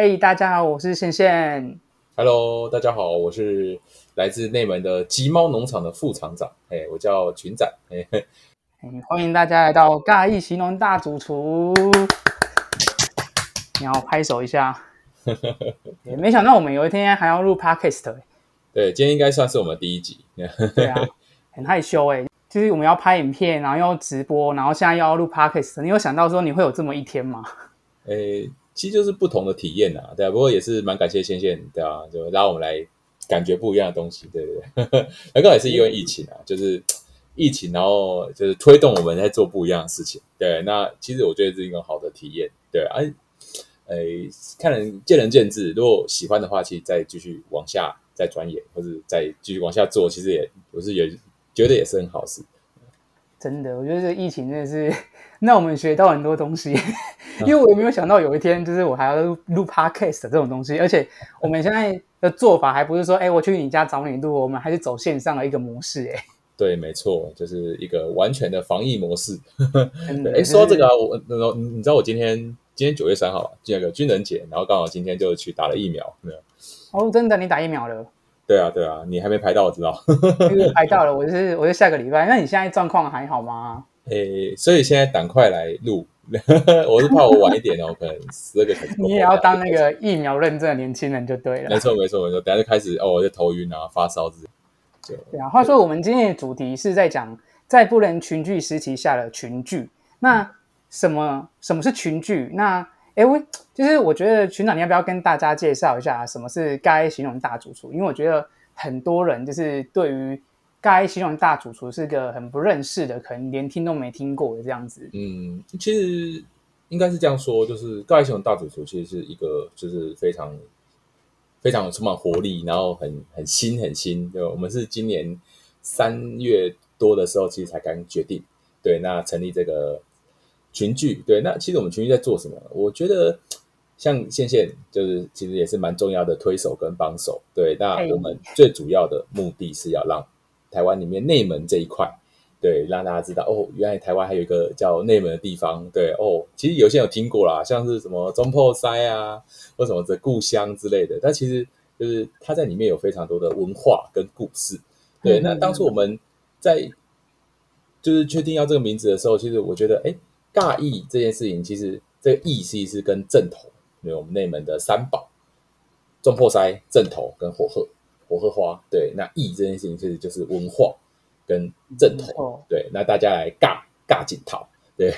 嘿，hey, 大家好，我是仙仙。Hello，大家好，我是來自內門的吉貓農場的副場長。Hey, 我叫群仔。哎、hey.，hey, 歡迎大家來到尬藝型農大主廚。然後 拍手一下。 也沒想到我們有一天還要錄 podcast、欸、對，今天應該算是我們第一集。 對啊，很害羞哎、欸。就是我們要拍影片，然後要直播，然後現在又要錄 podcast。你有想到說你會有這麼一天嗎？Hey. 其實就是不同的體驗啊，對啊，不過也是蠻感謝仙仙，對啊，就拉我們來感覺不一樣的東西，對不對，對？那 剛好也是因為疫情啊，就是疫情，然後就是推動我們在做不一樣的事情，對、啊。那其實我覺得是一個好的體驗，對、啊。哎，哎，看人見仁見智，如果喜歡的話，其實再繼續往下再鑽研，或者再繼續往下做，其實也不是也覺得也是很好事。真的，我覺得這個疫情真的是，那我們學到很多東西。因為我也沒有想到有一天，就是我還要錄、錄 Podcast 這種東西，而且我們現在的做法還不是說，哎、 欸，我去你家找你錄，我們還是走線上的一個模式、欸。哎，對，沒錯，就是一個完全的防疫模式。哎、 欸，說這個、啊，我，那，你你知道我今天，今天九月三號，第、這、二個軍人節，然後剛好今天就去打了疫苗，沒有？哦，真的，你打疫苗了？對啊，對啊，你還沒排到，我知道。我 排到了，我是，我是下個禮拜。那你現在狀況還好嗎？誒，所以現在趕快來錄， 我是怕我晚一點哦， 可能十二個小時、啊。你也要當那個疫苗認證的年輕人就對了。沒錯，沒錯，沒錯。等下就開始哦，我就頭暈啊，發燒之類。對對啊。話說，我們今天的主題是在講在不能群聚時期下的群聚。那什麼什麼是群聚？那哎，我其實、就是、我覺得，群長你要不要跟大家介紹一下什麼是尬藝型農大主廚？因為我覺得很多人就是對於尬藝型農大主廚是個很不認識的，可能連聽都沒聽過的這樣子。嗯，其實應該是這樣說，就是尬藝型農大主廚其實是一個就是非常非常充滿活力，然後很很新很新，對，我們是今年三月多的時候其實才剛決定對，那成立這個。群聚，對，那其實我們群聚在做什麼？我覺得像現現，就是其實也是蠻重要的推手跟幫手。對，那我們最主要的目的是要讓台灣裡面內門這一塊，對，讓大家知道哦，原來台灣還有一個叫內門的地方。對，哦，其實有些人有聽過啦，像是什麼總舖師啊，或什麼的故鄉之類的。但其實就是它在裡面有非常多的文化跟故事。對，那當初我們在就是確定要這個名字的時候，其實我覺得，哎。尬藝這件事情，其實這個藝是跟陣頭，因為我們內門的三寶重破塞陣頭跟火鶴、火鶴花。對，那藝這件事情其實就是文化跟陣頭。化對，那大家來尬尬陣頭。對，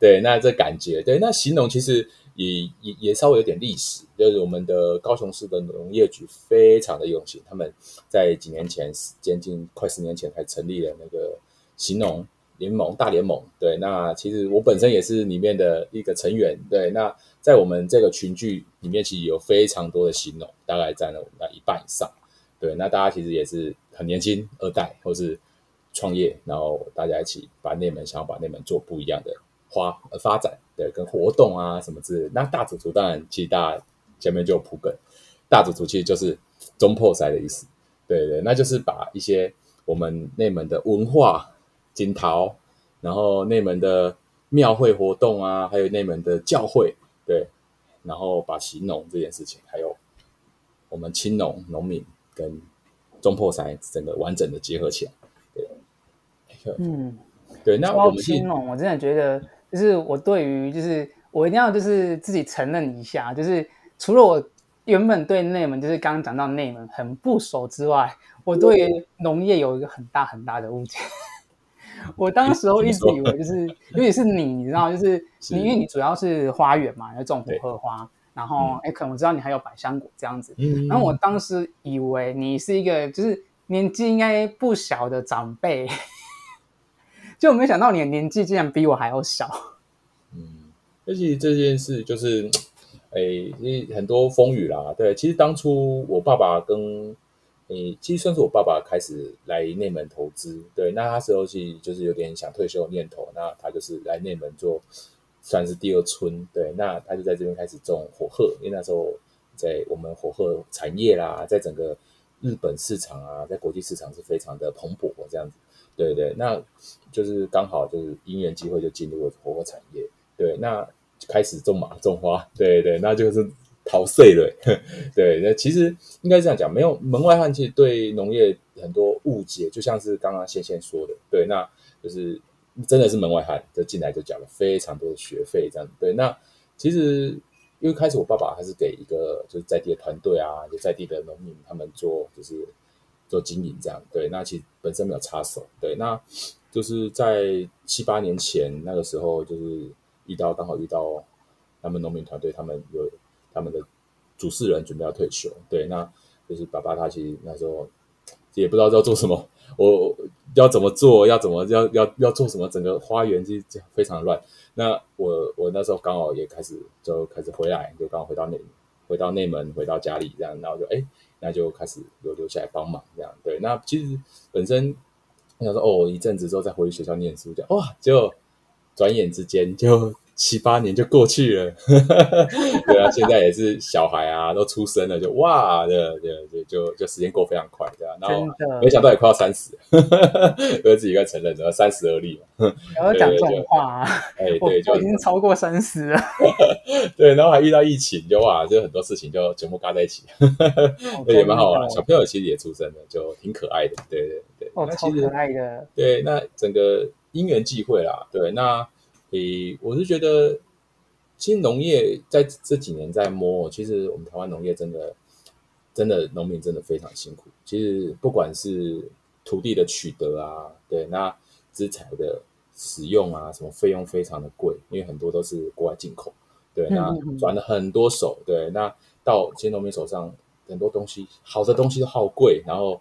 對，那這感覺，對，那型農其實也也也稍微有點歷史，就是我們的高雄市的農業局非常的用心，他們在幾年前，將近快十年前才成立了那個型農。聯盟大聯盟，對，那其實我本身也是裡面的一個成員，對，那在我們這個群聚裡面，其實有非常多的型農，大概占了我們的一半以上，對，那大家其實也是很年輕，二代或是創業，然後大家一起把內門想要把內門做不一樣的花呃發展，對，跟活動啊什麼之類的。那大主廚當然，其實大家前面就有鋪梗，大主廚其實就是中破塞的意思，對對，那就是把一些我們內門的文化。金桃，然後內門的廟會活動啊，還有內門的教會，對，然後把行農這件事情，還有我們青農農民跟中破山整個完整的結合起來。對嗯，對，那我、嗯、那我青農我真的覺得，就是我對於，就是我一定要就是自己承認一下，就是除了我原本對內門就是剛剛講到內門很不熟之外，我對於農業有一個很大很大的誤解。我當時候一直以為就是，麼 尤其是你，你知道，就是，是因為你主要是花園嘛，有、就是、種百合花，對然後哎、嗯，可能我知道你還有百香果這樣子，然後我當時以為你是一個就是年紀應該不小的長輩， 就沒想到你的年紀竟然比我還要小。嗯，而且這件事就是，哎，因為很多風雨啦，對，其實當初我爸爸跟。你其實算是我爸爸開始來內門投資，對，那他時候其實就是有點想退休的念頭，那他就是來內門做算是第二春，對，那他就在這邊開始種火鶴，因為那時候在我們火鶴產業啦，在整個日本市場啊，在國際市場是非常的蓬勃這樣子，對對，那就是剛好就是因緣機會就進入了火鶴產業，對，那開始種馬種花，對對，那就是。逃稅了，對，那其實應該是這樣講，沒有門外漢，其實對農業很多誤解，就像是剛剛仙仙說的，對，那就是真的是門外漢，就進來就繳了非常多的學費，這樣，對，那其實因為開始我爸爸還是給一個就是在地的團隊啊，就是、在地的農民他們做就是做經營這樣，對，那其實本身沒有插手，對，那就是在七八年前那個時候，就是遇到剛好遇到他們農民團隊，他們有。他們的主持人準備要退休，對，那就是爸爸他其實那時候也不知道要做什麼，我要怎麼做，要怎麼要要要做什麼，整個花園其實就非常亂。那我我那時候剛好也開始就開始回來，就剛好回到內回到內門回到家裡這樣，然後就哎、欸，那就開始留留下來幫忙這樣。對，那其實本身我想說，哦，一陣子之後再回去學校念書這樣，就哇，就轉眼之間就。七八年就過去了， 對啊， 現在也是小孩啊，都出生了，就哇，對對對，就就時間過非常快，對啊。的然後、啊、沒想到也快要三十，因 為自己在承認，然後三十而立嘛。有 對講重話，哎就，對，就已經超過三十了。對，然後還遇到疫情，就哇，就很多事情就全部嘎在一起，對 ，Okay. 也蠻好玩。小朋友其實也出生了，就挺可愛的，對對對。哦，oh, 超可愛的。對，那整個因緣際會啦，對那。所以我是覺得，其實農業在這幾年在摸，其實我們台灣農業真的，真的農民真的非常辛苦。其實不管是土地的取得啊，對，那資產的使用啊，什麼費用非常的貴，因為很多都是國外進口，對，那轉了很多手，對，那到新農民手上，很多東西好的東西都好貴，然後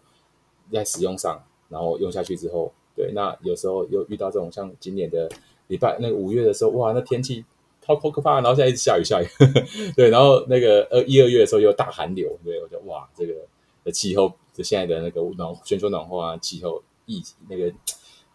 在使用上，然後用下去之後，對，那有時候又遇到這種像今年的。禮拜那個五月的時候，哇，那天氣超可怕，然後現在一直下雨下雨，對，然後那個呃一二月的時候又大寒流，對，我覺得哇，這個這氣候就現在的那個暖全球暖化啊，氣候異那個誒、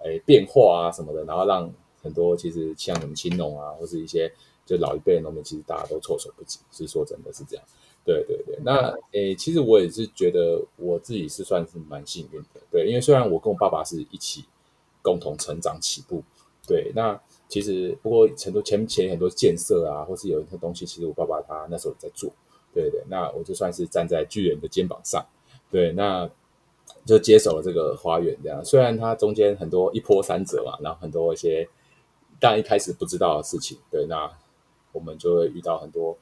呃、變化啊什麼的，然後讓很多其實像我們青農啊，或是一些就老一輩的農民，其實大家都措手不及，是說真的是這樣，對對對。那誒、呃、其實我也是覺得我自己是算是蠻幸運的，對，因為雖然我跟我爸爸是一起共同成長起步。對，那其實不過成都前面前很多建設啊，或是有一些東西，其實我爸爸他那時候在做，對對，那我就算是站在巨人的肩膀上，對，那就接手了這個花園，這樣、啊、雖然它中間很多一波三折嘛，然後很多一些，但一開始不知道的事情，對，那我們就會遇到很多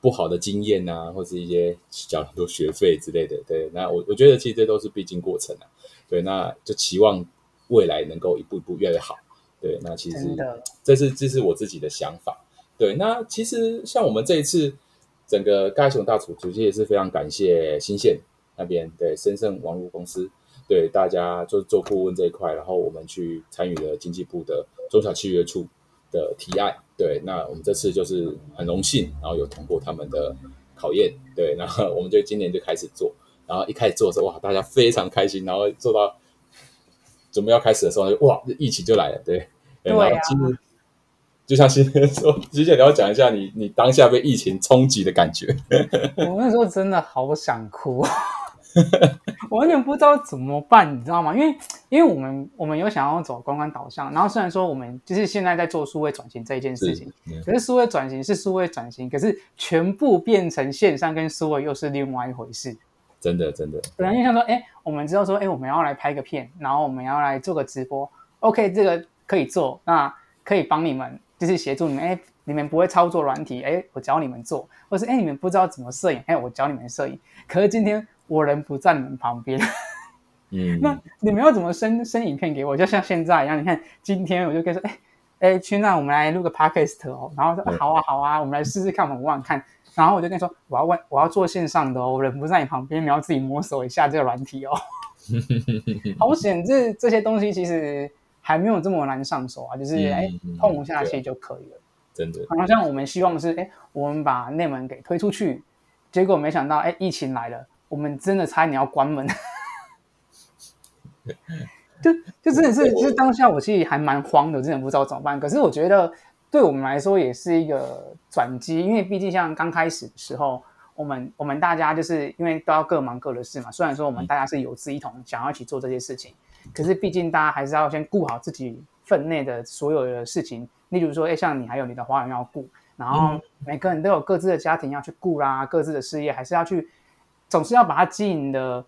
不好的經驗啊，或是一些繳很多學費之類的，對，那我我覺得其實這都是必經過程啊，對，那就期望未來能夠一步一步越來越好。對，那其實的這是這是我自己的想法。對，那其實像我們這一次整個尬藝型農大主廚，其實也是非常感謝新縣那邊，對，深盛網絡公司，對，大家做做顧問這一塊，然後我們去參與了經濟部的中小企業處的提案。對，那我們這次就是很榮幸，然後有通過他們的考驗。對，然後我們就今年就開始做，然後一開始做的時候哇，大家非常開心，然後做到。準備要開始的時候，哇，這疫情就來了，對，對啊，然後其實就像之前說，直接你要講一下你你當下被疫情衝擊的感覺。我那時候真的好想哭， 我完全不知道怎麼辦，你知道嗎？因為因為我們我們有想要走觀光，光導向，然後雖然說我們就是現在在做數位轉型這件事情，是的可是數位轉型是數位轉型，可是全部變成線上跟數位又是另外一回事。真的，真的。不然就像說，哎，我們知道說，哎，我們要來拍個片，然後我們要來做個直播，OK，這個可以做，那可以幫你們，就是協助你們，哎，你們不會操作軟體，哎，我教你們做，或是哎，你們不知道怎麼攝影，哎，我教你們攝影。可是今天我人不在你們旁邊， 嗯，那你們要怎麼生生影片給我？就像現在一樣，你看，今天我就跟說，哎，哎，群長，我們來錄個 podcast 哦，然後說，好啊，好啊，對我們來試試看，我們玩玩看。然後我就跟你說，我要問，我要做線上的哦，我人不在你旁邊，你要自己摸索一下這個軟體哦。 好險，這這些東西其實還沒有這麼難上手啊，就是哎碰下去就可以了。真的對。像我們希望是哎，對欸、我們把內門給推出去，對對結果沒想到、欸、對疫情來了，我們真的差點要關門， 就就真的是，其、就是、當下我自己還蠻慌的，我真的不知道怎麼辦。可是我覺得。對我們來說也是一個轉機，因為畢竟像剛開始的時候，我們我們大家就是因為都要各忙各的事嘛。雖然說我們大家是有志一同，想要一起做這些事情，嗯、可是畢竟大家還是要先顧好自己分內的所有的事情。例如說，誒像你還有你的花園要顧，然後每個人都有各自的家庭要去顧啦，各自的事業還是要去，總是要把它經營的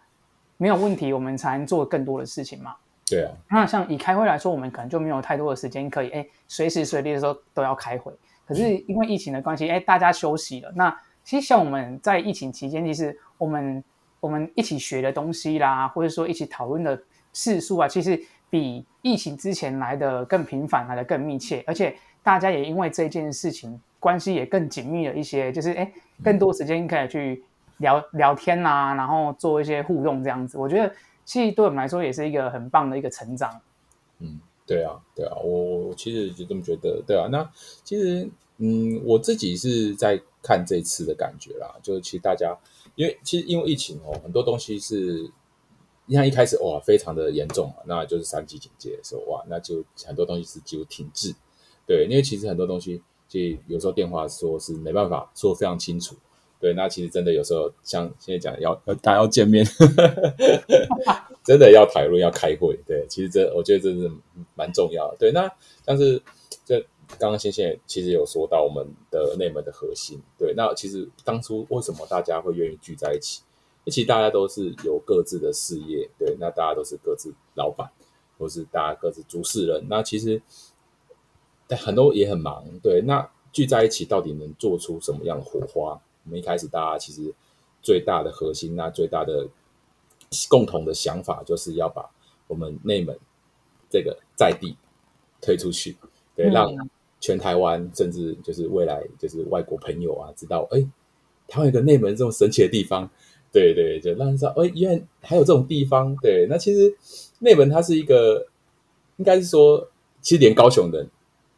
沒有問題，我們才能做更多的事情嘛。對啊，那像以開會來說，我們可能就沒有太多的時間可以哎，隨時隨地的時候都要開會。可是因為疫情的關係，哎、欸，大家休息了。那其實像我們在疫情期間，其實我們我們一起學的東西啦，或者說一起討論的次數啊，其實比疫情之前來的更頻繁，來的更密切。而且大家也因為這件事情，關係也更緊密了一些，就是哎、欸，更多時間可以去聊聊天啦、啊，然後做一些互動這樣子。我覺得。其實對我們來說也是一個很棒的一個成長。嗯，對啊，對啊，我我其實就這麼覺得，對啊。那其實，嗯，我自己是在看這次的感覺啦，就是其實大家，因為其實因為疫情哦，很多東西是，你看一開始哇，非常的嚴重啊，那就是三級警戒的時候哇，那就很多東西是幾乎停滯。對，因為其實很多東西，就有時候電話說是沒辦法說非常清楚。對，那其實真的有時候，像現在講要大家要見面， 真的要討論要開會。對，其實這我覺得這是蠻重要的。對，那但是就剛剛先生其實有說到我們的內門的核心。對，那其實當初為什麼大家會願意聚在一起？其實大家都是有各自的事業，對，那大家都是各自老闆，或是大家各自主事人。那其實但很多也很忙，對，那聚在一起到底能做出什麼樣的火花？我們一開始大家其實最大的核心、啊，那最大的共同的想法，就是要把我們內門這個在地推出去，對，讓全台灣甚至就是未來就是外國朋友啊，知道，哎、欸，台灣有一個內門這麼神奇的地方，對對，對，就讓人知道，哎、欸，原來還有這種地方，對。那其實內門它是一個，應該是說，其實連高雄的，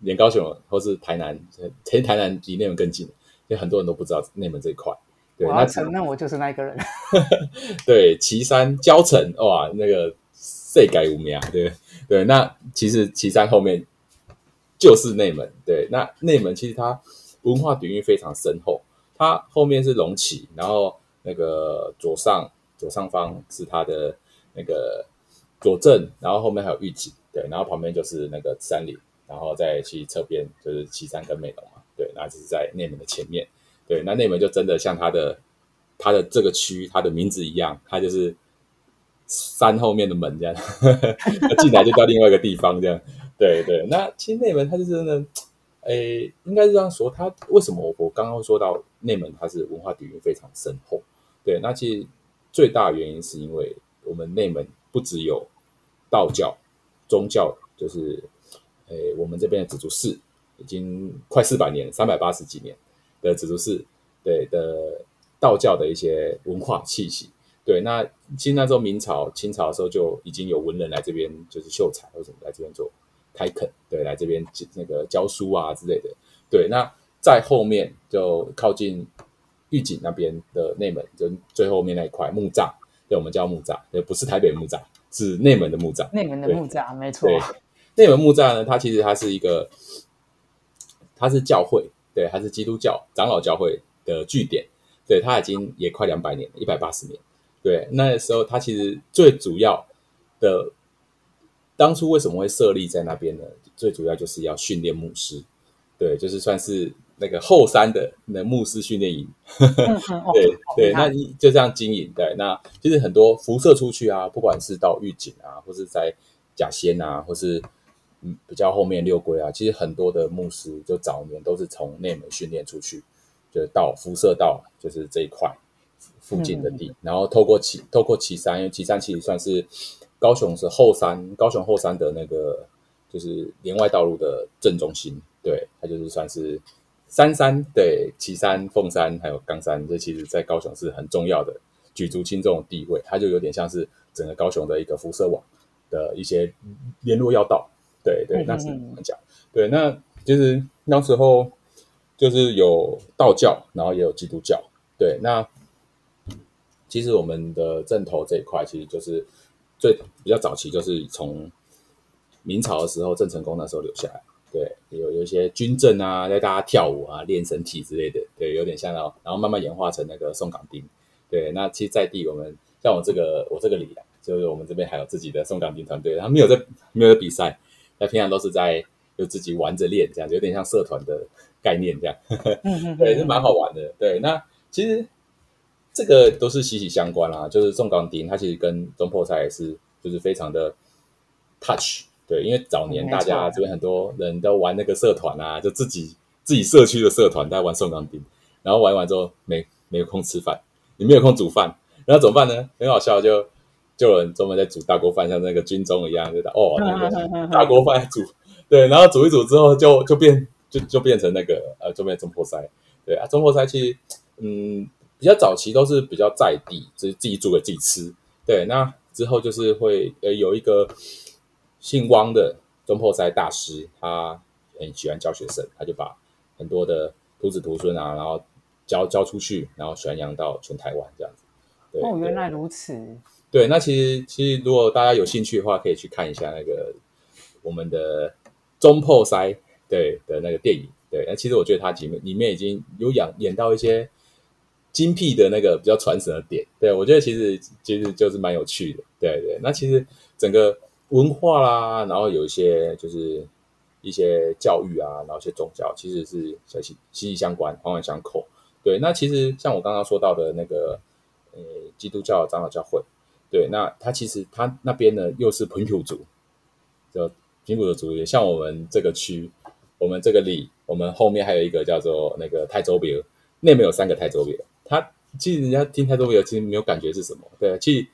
連高雄或是台南，其實台南離內門更近。也很多人都不知道內門這一塊。我要承認，啊、持我就是那個人。 對，岐山蕉城哇，那個世界有名，對對。那其實岐山後面就是內門，對。那內門其實它文化底蘊非常深厚，它後面是龍崎，然後那個左上、左上方是它的那個左鎮，然後後面還有玉井，對，然後旁邊就是那個杉林，然後再去側邊就是岐山跟美濃嘛、啊。對，那就是在內門的前面。對，那內門就真的像它的它的這個區，它的名字一樣，它就是山後面的門，這樣，它 進來就到另外一個地方，這樣。對對，那其實內門它就是呢，誒、呃，應該是這樣說，它為什麼我剛剛會說到內門它是文化底蘊非常深厚？對，那其實最大原因是因為我們內門不只有道教宗教，就是誒、呃、我們這邊的紫竹寺。已經快四百年，三百八十幾年的，指就是對的道教的一些文化氣息。對，那其實那時候明朝、清朝的時候就已經有文人來這邊，就是秀才或者什麼來這邊做開墾，對，來這邊那個教書啊之類的。對，那在後面就靠近玉井那邊的內門，就最後面那一塊木柵，對，我們叫木柵，就不是台北木柵，是內門的木柵。內門的木柵，沒錯。內門木柵呢，它其實它是一個。它是教會，對，它是基督教長老教會的據點，對，它已經也快兩百年，一百八十年。對，那時候它其實最主要的，當初為什麼會設立在那邊呢？最主要就是要訓練牧師，對，就是算是那個後山的那牧師訓練營。對、嗯嗯、 對，對嗯、那就這樣經營。對，那其實很多輻射出去啊，不管是到玉井啊，或是在甲仙啊，或是。比較後面六龜啊，其實很多的牧師就早年都是從內門訓練出去，就到輻射到就是這一塊附近的地，嗯、然後透過旗透過旗山，因為旗山其實算是高雄是後山，高雄後山的那個就是連外道路的正中心，對，它就是算是三山對，旗山、鳳山、山還有岡山，這其實在高雄是很重要的舉足輕重的地位，它就有點像是整個高雄的一個輻射網的一些聯絡要道。對對，對嘿嘿嘿，那是我們講。對，那其實、就是、那時候就是有道教，然後也有基督教。對，那其實我們的陣頭這一塊，其實就是最比較早期，就是從明朝的時候，鄭成功那時候留下來。對，有有一些軍陣啊，在大家跳舞啊、練身體之類的。對，有點像哦，然後慢慢演化成那個宋江陣。對，那其實在地我們像我這個我這個里啊，就是我們這邊還有自己的宋江陣團隊，他們沒有在沒有在比賽。那平常都是在就自己玩着練，這樣有點像社團的概念，這樣， 對，也 是蠻好玩的。對，那其實這個都是息息相關啦、啊。就是宋江陣，它其實跟總舖師也是就是非常的 touch。對，因為早年大家錯、啊、這邊很多人都玩那個社團啊，就自己自己社區的社團，大家玩宋江陣，然後玩一玩之後沒沒有空吃飯，也沒有空煮飯，然後怎麼辦呢？很好笑就。就有人專門在煮大鍋飯，像那個軍中一樣，就哦，那個、大鍋飯煮呵呵呵對，然後煮一煮之後就，就變就變就就變成那個呃，就變成總舖師對啊，總舖師其實嗯比較早期都是比較在地，就是自己煮給自己吃對，那之後就是會呃有一個姓汪的總舖師大師，他很、欸、喜歡教學生，他就把很多的徒子徒孫啊，然後教教出去，然後宣揚到全台灣這樣子。對哦，原來如此。對，那其實其實如果大家有興趣的話，可以去看一下那個我們的 Side，《總舖師》對的那個電影。對，那、啊、其實我覺得它裡面裡面已經有演演到一些精闢的那個比較傳神的點。對，我覺得其實其實就是蠻有趣的。對對，那其實整個文化啦，然後有一些就是一些教育啊，然後一些宗教，其實是息息息息相關、環環相扣。對，那其實像我剛剛說到的那個呃基督教長老教會。對，那他其實他那邊呢又是平埔族，就平埔的族、族，也像我們這個區，我們這個里，我們後面還有一個叫做那個太祖廟，那邊有三個太祖廟。他其實人家聽太祖廟，其實沒有感覺是什麼，對，其實誒、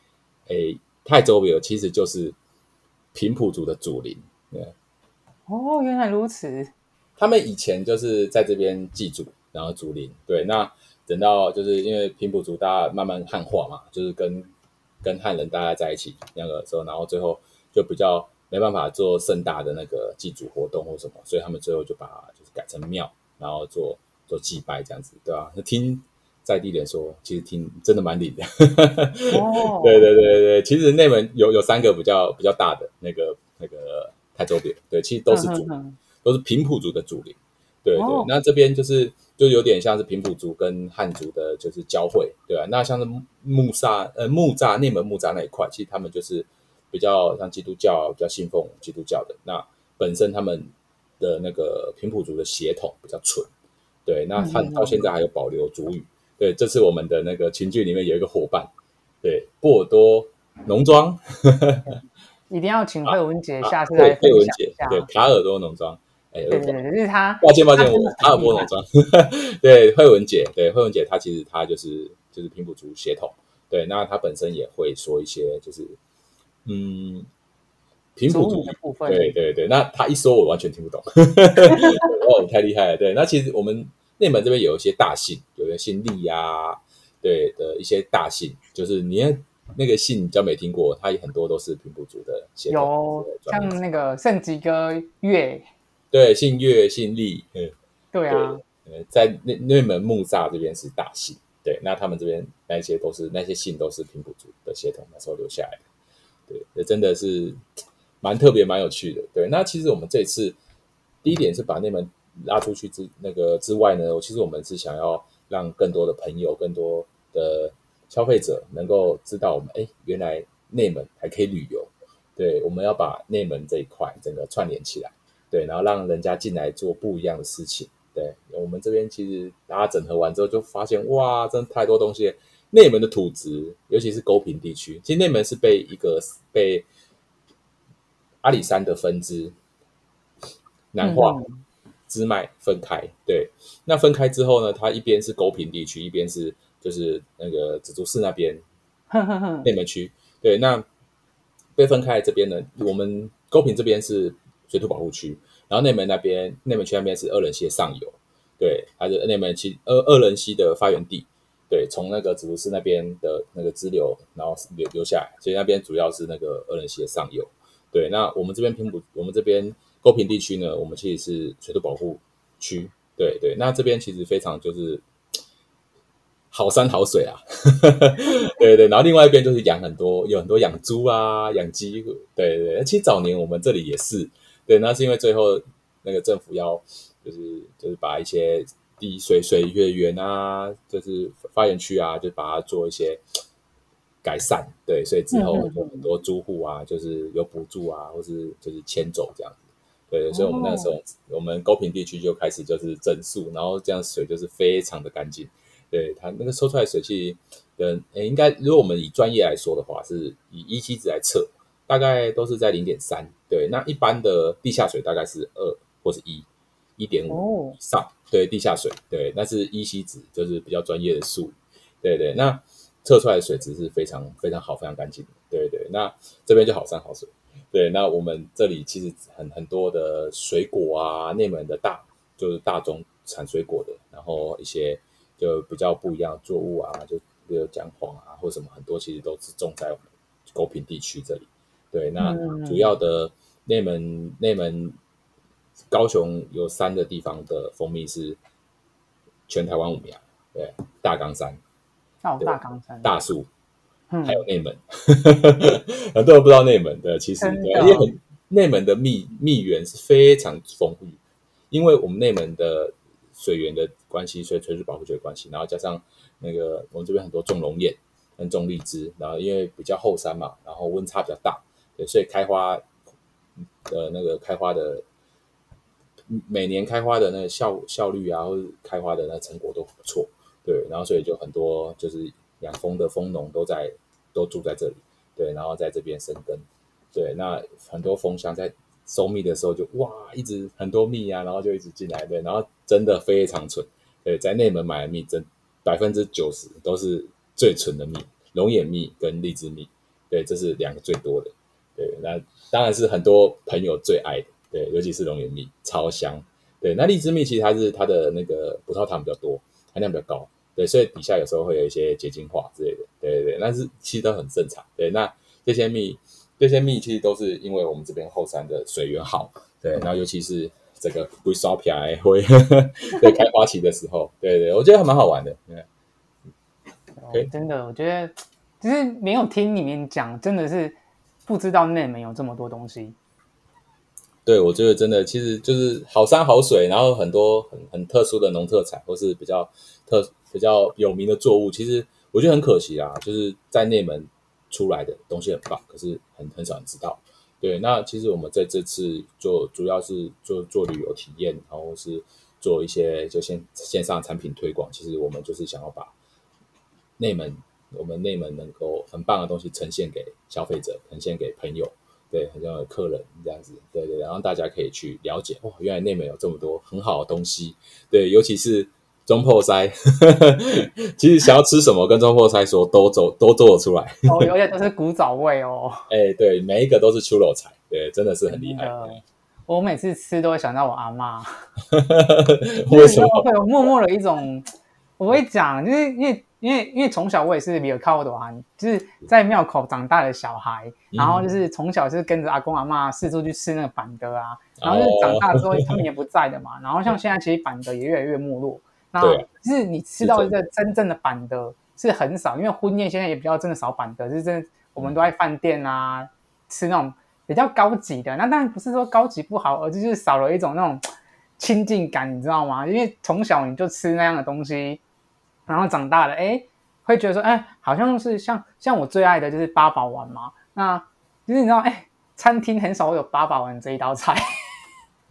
欸，太祖廟其實就是平埔族的祖靈，對。哦，原來如此。他們以前就是在這邊祭祖，然後祖靈。對，那等到就是因為平埔族大家慢慢漢化嘛，就是跟。跟漢人大家在一起那個時候，然後最後就比較沒辦法做盛大的那個祭祖活動或什麼，所以他們最後就把就是改成廟，然後做做祭拜這樣子，對吧、啊？那聽在地人說，其實聽真的蠻靈的。哦，對對對對，其實內門有有三個比較比較大的那個那個太祖廟，對，其實都是祖，oh. 都是平埔族的祖靈。對對，對，oh. 那這邊就是。就有點像是平埔族跟漢族的，就是交匯，對吧、啊？那像是木柵，呃，木柵內門、木柵那一塊，其實他們就是比較像基督教，比較信奉基督教的。那本身他們的那個平埔族的血統比較純，對。那他到現在還有保留族語。嗯嗯對，這次我們的那個群聚裡面有一個夥伴，對，布爾多農莊， 一定要請惠文姐下次來惠、啊啊、文姐下。對，卡爾多農莊。哎，對，對對，就是他。抱歉抱歉，抱歉我，我也不懂裝。 對，慧文姐，對慧文姐，她其實她就是就是平埔族血統。對，那她本身也會說一些，就是嗯，平埔族的部分。對對對，那她一說，我完全聽不懂。 哦，太厲害了。對，那其實我們內門這邊有一些大姓，有些姓李呀、啊，對的一些大姓，就是你那個姓比較沒聽過，他也很多都是平埔族的血統。有，的專 像那個聖吉哥月。對，姓岳、姓李，嗯，對啊，對在內內門木柵這邊是大姓。對，那他們這邊那些都是那些姓都是平埔族的血統那時候留下來的，對，這真的是蠻特別蠻有趣的。對，那其實我們這次第一點是把內門拉出去之那個之外呢，其實我們是想要讓更多的朋友、更多的消費者能夠知道我們，哎，原來內門還可以旅遊，對，我們要把內門這一塊整個串聯起來。對，然後讓人家進來做不一樣的事情。對，我們這邊其實大家整合完之後，就發現哇，真的太多東西了。內門的土質，尤其是溝坪地區，其實內門是被一個被阿里山的分支南化支脈分開。對，那分開之後呢，它一邊是溝坪地區，一邊是就是那個紫竹寺那邊 內門區。對，那被分開的這邊呢，我們溝坪這邊是。水土保護區，然後內門那邊，內門區那邊是二仁溪的上游，對，還是內門其，二二仁溪的發源地，對，從那個紫竹寺那邊的那個支流，然後流流下來，所以那邊主要是那個二仁溪的上游，對，那我們這邊平谷，我們這邊溝平地區呢，我們其實是水土保護區，對對，那這邊其實非常就是好山好水啊， 對對，然後另外一邊就是養很多，有很多養豬啊，養雞，對對對，而且早年我們這裡也是。對，那是因為最後那個政府要就是就是把一些地，水水月、遠啊，就是發源區啊，就把它做一些改善。對，所以之後有很多租戶啊，就是有補助啊，或是就是遷走這樣子。對，所以我們那時候、哦、我們高屏地區就開始就是增塑，然後這樣水就是非常的乾淨。對，它那個抽出來的水去，嗯，應該如果我們以專業來說的話，是以一、e、儀子來測。大概都是在零點三，對，那一般的地下水大概是二或是一一點五以上，對，地下水，對，那是 EC 值，就是比較專業的術語。對對，那測出來的水質是非常非常好，非常乾淨，對對，那這邊就好山好水，對，那我們這裡其實很很多的水果啊，內門的大就是大中產水果的，然後一些就比較不一樣的作物啊，就比如薑黃啊或什麼很多其實都是種在我們溝坪地區這裡。對，那主要的內門、嗯、內門高雄有三個地方的蜂蜜是全台灣五名，對，大岡山，大岡山，對大樹，嗯、還有內門，嗯、 很多人不知道內門的，其實內門着內門的蜜蜜源是非常豐富，因為我們內門的水源的關係，所以水質保護區的關係，然後加上那個我們這邊很多種龍眼跟種荔枝，然後因為比較後山嘛，然後溫差比較大。所以開花的，的、呃、那個開花的，每年開花的那個效效率啊，或者開花的那成果都不錯，對，然後所以就很多就是養蜂的蜂農都在都住在這裡，對，然後在這邊生根，對，那很多蜂箱在收蜜的時候就哇，一直很多蜜啊，然後就一直進來，對，然後真的非常純，對，在內門買的蜜真，真百分之九十都是最純的蜜，龍眼蜜跟荔枝蜜，對，這是兩個最多的。對，那當然是很多朋友最愛的，對，尤其是龍眼蜜，超香。對，那荔枝蜜其實它是它的那個葡萄糖比較多，含量比較高。對，所以底下有時候會有一些結晶化之類的。對對對，那是其實都很正常。對，那這些蜜，這些蜜其實都是因為我們這邊後山的水源好。對，嗯、然後尤其是這個桂花飄來花， 對，開花期的時候， 對對，我覺得還蠻好玩的。對哦、Okay. 真的，我覺得就是沒有聽你們講，真的是。不知道內門有這麼多東西，對，我覺得真的其實就是好山好水，然後很多很很特殊的農特產，或是比較特比較有名的作物，其實我覺得很可惜啊，就是在內門出來的東西很棒，可是很很少人知道。對，那其實我們在這，這次做主要是做做，做旅遊體驗，然後是做一些就線線上產品推廣，其實我們就是想要把內門，我們內門能夠很棒的東西呈現給消費者，呈現給朋友，對，呈現給客人這樣子，對對，然後大家可以去了解，哇，原來內門有這麼多很好的東西，對，尤其是中破塞呵呵，其實想要吃什麼，跟中破塞說， 都做都做,都做得出來，哦，而且都是古早味哦，哎、欸，對，每一個都是出肉菜，對，真的是很厲害。的哎、我每次吃都會想到我阿嬤，為什麼會有默默的一種，我會講，就是因為。因為因為從小我也是沒有靠的哇，就是在廟口長大的小孩，嗯、然後就是從小是跟着阿公阿媽四處去吃那個辦桌啊，然後就是長大之後他們也不在的嘛，哦、然後像現在其實辦桌也越來越沒落，那對就是你吃到一個真正的辦桌是很少，因為婚宴現在也比較真的少辦桌，就是真的我們都在飯店啊，嗯、吃那種比較高級的，那當然不是說高級不好，而就是少了一種那種親近感，你知道嗎？因為從小你就吃那樣的東西。然後長大了，哎，會覺得說，哎，好像是像像我最愛的就是八寶丸嘛。那就是你知道，哎，餐廳很少有八寶丸這一道菜。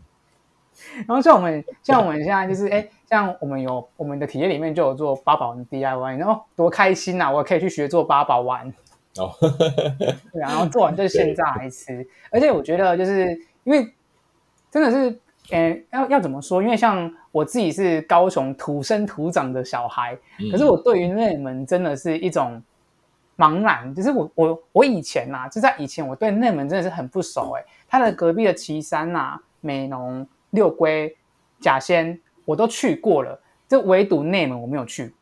然後像我們像我們現在就是，哎，像我們有我們的體驗裡面就有做八寶丸 DIY，然後多開心吶，啊！我可以去學做八寶丸。哦， 對，然後做完就現在來吃，對而且我覺得就是因為真的是，哎，要要怎麼說？因為像。我自己是高雄土生土長的小孩，可是我對於內門真的是一種茫然。就是我我我以前啊，就在以前我對內門真的是很不熟哎，欸。他的隔壁的旗山吶，啊，美濃，六龜，甲仙，我都去過了，就唯獨內門我沒有去。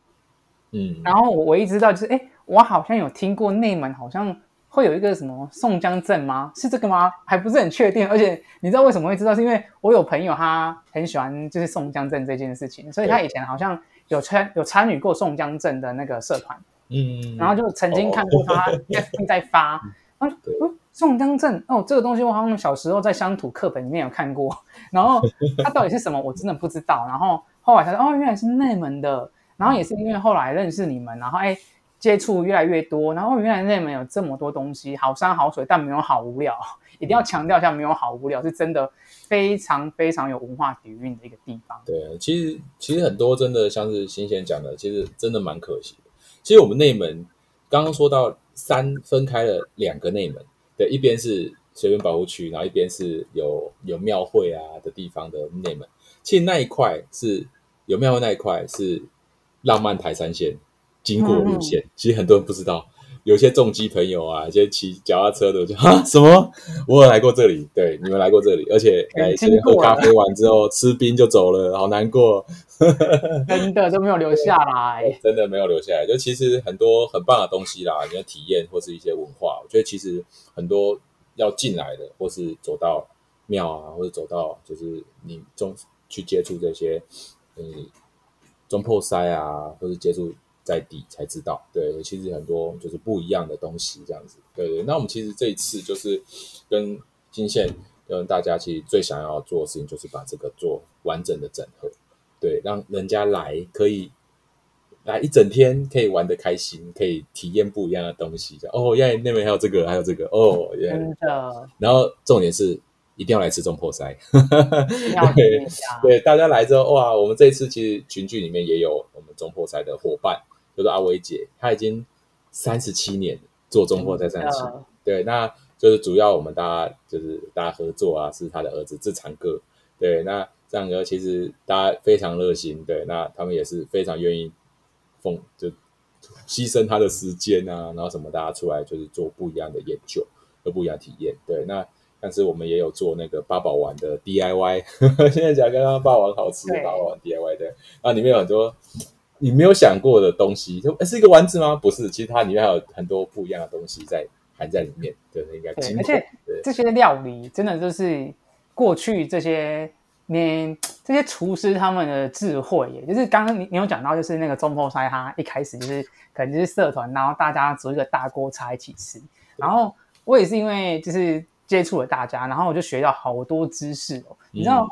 嗯，然後我唯一知道就是，哎，我好像有聽過內門好像，會有一個什麼宋江鎮嗎？是這個嗎？還不是很確定。而且你知道為什麼會知道？是因為我有朋友，他很喜歡就是宋江鎮這件事情，所以他以前好像有參有參與過宋江鎮的那個社團。嗯對，然後就曾經看過他 F B 在發，嗯、然後就他說宋江鎮哦，這個東西我好像小時候在鄉土課本裡面有看過。然後他到底是什麼？我真的不知道。 然後後來他說哦，原來是內門的。然後也是因為後來認識你們，嗯、然後哎。欸接觸越來越多，然後原來內門有這麼多東西，好山好水，但沒有好無聊。一定要強調一下，沒有好無聊、嗯、是真的，非常非常有文化底蘊的一個地方。對，其實其實很多真的像是新鮮講的，其實真的蠻可惜的。其實我們內門剛剛說到山分開了兩個內門，對，一邊是水源保護區，然後一邊是有有廟會啊的地方的內門。其實那一塊是有廟會那一塊是浪漫台三線。經過路線，嗯嗯，其實很多人不知道。有些重機朋友啊，一些騎腳踏車的，就哈什麼，我有來過這裡，對，你們來過這裡，而且來一些喝咖啡完之後、嗯、吃冰就走了，好難過，嗯、呵呵真的都沒有留下來，真的沒有留下來。就其實很多很棒的東西啦，你的體驗或是一些文化，我覺得其實很多要進來的，或是走到廟啊，或者走到就是你中去接觸這些，嗯，中破塞啊，或是接觸。在底才知道，對，其實很多就是不一樣的東西這樣子，對對。那我們其實這一次就是跟金線，跟大家其實最想要做的事情就是把這個做完整的整合，對，讓人家來可以來一整天，可以玩得開心，可以體驗不一樣的東西，哦，耶、oh, yeah,，那邊還有這個，還有這個，哦、oh, yeah. 真的，耶。然後重點是一定要來吃中破塞，哈。 對，大家來之後哇，我們這一次其實群聚裡面也有我們中破塞的伙伴。就是阿威姐，她已經三十七年做中貨、啊，在三十七對，那就是主要我們大家就是大家合作啊，是他的兒子志長哥。對，那志長哥其實大家非常熱心，對，那他們也是非常願意奉就犧牲他的時間啊，然後什麼大家出來就是做不一樣的研究，和不一樣的體驗。對，那但是我們也有做那個八寶丸的 DIY，現在講剛剛八寶丸好吃，八寶丸 DIY 對 DI，那裡面有很多。你沒有想過的東西，它是一個丸子嗎？不是，其實它裡面還有很多不一樣的東西在含在裡面。嗯、對，應該。而且這些料理，真的就是過去這些，你這些廚師他們的智慧，也就是剛剛你你有講到，就是那個中烹賽，它一開始就是可能就是社團，然後大家煮一個大鍋菜一起吃。對然後我也是因為就是接觸了大家，然後我就學到好多知識哦。嗯、你知道？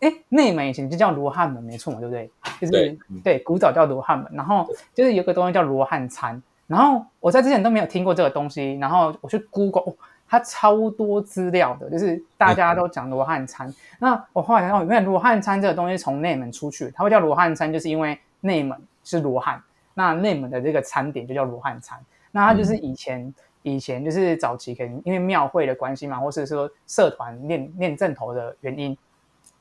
欸，內門以前就叫羅漢門，沒錯嘛，對不對？就是對、對，古早叫羅漢門，然後就是有個東西叫羅漢餐，然後我在之前都沒有聽過這個東西，然後我去 Google，、哦、它超多資料的，就是大家都講羅漢餐。哎嗯、那我後來想，因為羅漢餐這個東西從內門出去，它會叫羅漢餐，就是因為內門是羅漢，那內門的這個餐點就叫羅漢餐。那它就是以前、嗯、以前就是早期可能因為廟會的關係嘛，或是說社團練念陣頭的原因。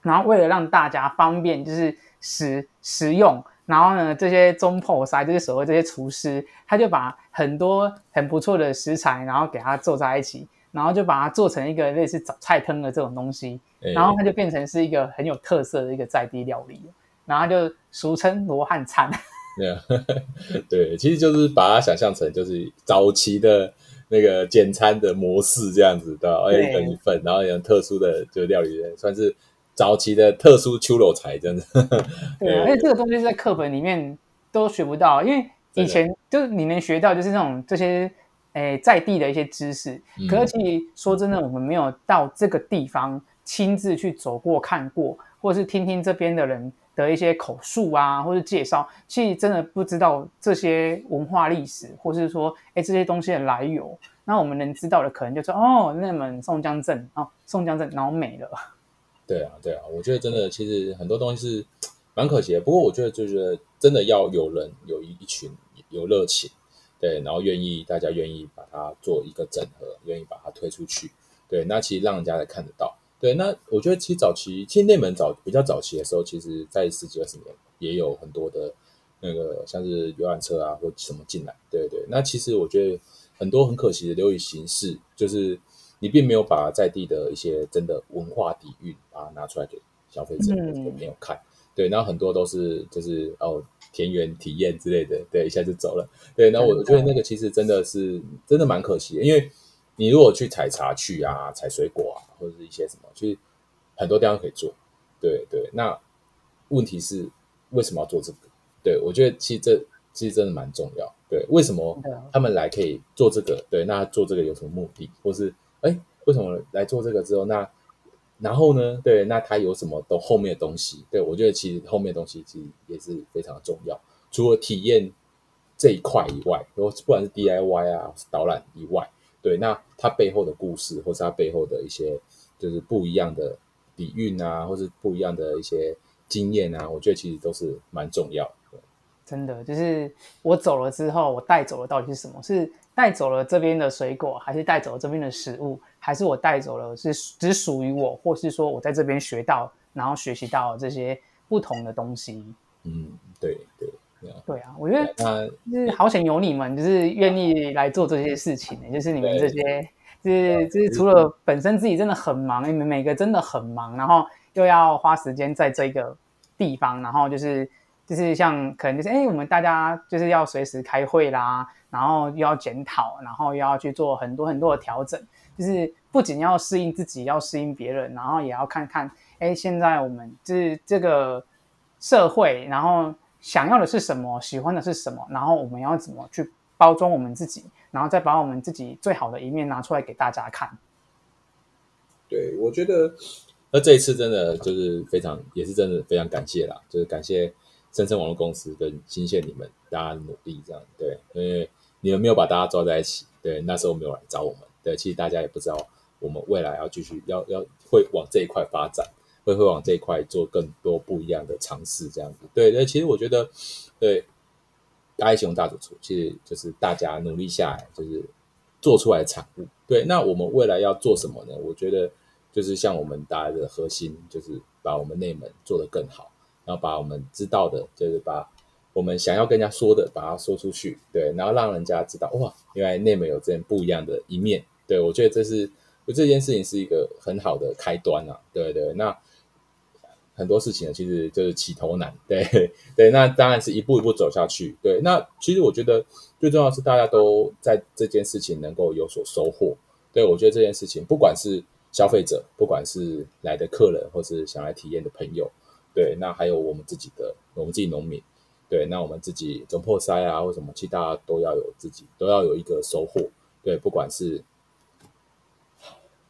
然後為了讓大家方便，就是食食用，然後呢，這些總舖師這些所謂這些廚師，他就把很多很不錯的食材，然後給他做在一起，然後就把它做成一個類似早菜攤的這種東西，哎、然後它就變成是一個很有特色的一個在地料理，哎、然後就俗稱羅漢餐對、啊呵呵。對，其實就是把它想象成就是早期的那個簡餐的模式這樣子的，哎，一份一份，然後有特殊的就料理人算是。早期的特殊秋羅才真的對、啊嗯、而且這個東西是在課本裡面都學不到，因為以前就是你能學到就是那種這些誒、呃、在地的一些知識，可是其實說真的，嗯、我們沒有到這個地方親自去走過看過，或是聽聽這邊的人的一些口述啊，或是介紹，其實真的不知道這些文化歷史，或是說誒這些東西的來由。那我們能知道的可能就是哦，內門宋江陣，哦，宋江陣然後沒了。對啊，對啊，我覺得真的，其實很多東西是蠻可惜的。不過我覺得，就覺得真的要有人有一群有熱情，對，然後願意大家願意把它做一個整合，願意把它推出去，對，那其實讓人家來看得到。對，那我覺得其實早期，其實內門早比較早期的時候，其實在十幾二十年也有很多的那個像是遊覽車啊或什麼進來，對對。那其實我覺得很多很可惜的流於形式，就是。你並沒有把在地的一些真的文化底蘊啊拿出來給消費者沒有看，嗯，對，然後很多都是就是哦田園體驗之類的，對，一下就走了，對，那我覺得那個其實真的是，嗯、真的蠻可惜的，因為你如果去採茶去啊，採水果啊，或者是一些什麼，其實很多地方可以做，對對，那問題是為什麼要做這個？對，我覺得其實這其實真的蠻重要，對，為什麼他們來可以做這個？對，那做這個有什麼目的，或是？哎，為什麼來做這個之後？那然後呢？對，那他有什麼都後面的東西？對，我覺得其實後面的東西其實也是非常的重要。除了體驗這一塊以外，然後不管是 DIY 啊、導覽以外，對，那他背後的故事，或是他背後的一些就是不一樣的底蘊啊，或是不一樣的一些經驗啊，我覺得其實都是蠻重要。真的，就是我走了之後，我帶走的到底是什麼？是。帶走了這邊的水果，還是帶走了這邊的食物，還是我帶走了，是只屬於我，或是說我在這邊學到，然後學習到這些不同的東西。嗯，對對，對啊，我覺得就是好險有你們，就是願意來做這些事情、欸，啊、就是你們這些，嗯、就是要就是除了本身自己真的很忙，每每個真的很忙，然後又要花時間在這個地方，然後就是就是像可能就是哎、欸，我們大家就是要隨時開會啦。然後又要檢討，然後又要去做很多很多的調整，就是不僅要適應自己，要適應別人，然後也要看看，哎，現在我們就是這個社會，然後想要的是什麼，喜歡的是什麼，然後我們要怎麼去包裝我們自己，然後再把我們自己最好的一面拿出來給大家看。對，我覺得那這一次真的就是非常，也是真的非常感謝啦，就是感謝深深網絡公司跟新線你們大家的努力這樣，對，因為。你們沒有把大家抓在一起，對，那時候沒有來找我們，對，其實大家也不知道我們未來要繼續要要會往這一塊發展，會會往這一塊做更多不一樣的嘗試，這樣子，對，那其實我覺得，對，尬藝型農大主廚其實就是大家努力下來，就是做出來的產物，對，那我們未來要做什麼呢？我覺得就是像我們大家的核心，就是把我們內門做得更好，然後把我們知道的，就是把。我們想要跟人家說的，把它說出去，對，然後讓人家知道，哇，原來內門有這樣不一樣的一面。對，我覺得這是，這件事情是一個很好的開端啊，對對。那很多事情其實就是起頭難，對對。那當然是一步一步走下去，對。那其實我覺得最重要的是大家都在這件事情能夠有所收穫。對，我覺得這件事情，不管是消費者，不管是來的客人，或是想來體驗的朋友，對，那還有我們自己的我們自己農民。對，那我們自己總破篩啊，或什麼，其實大家都要有自己，都要有一個收穫。對，不管是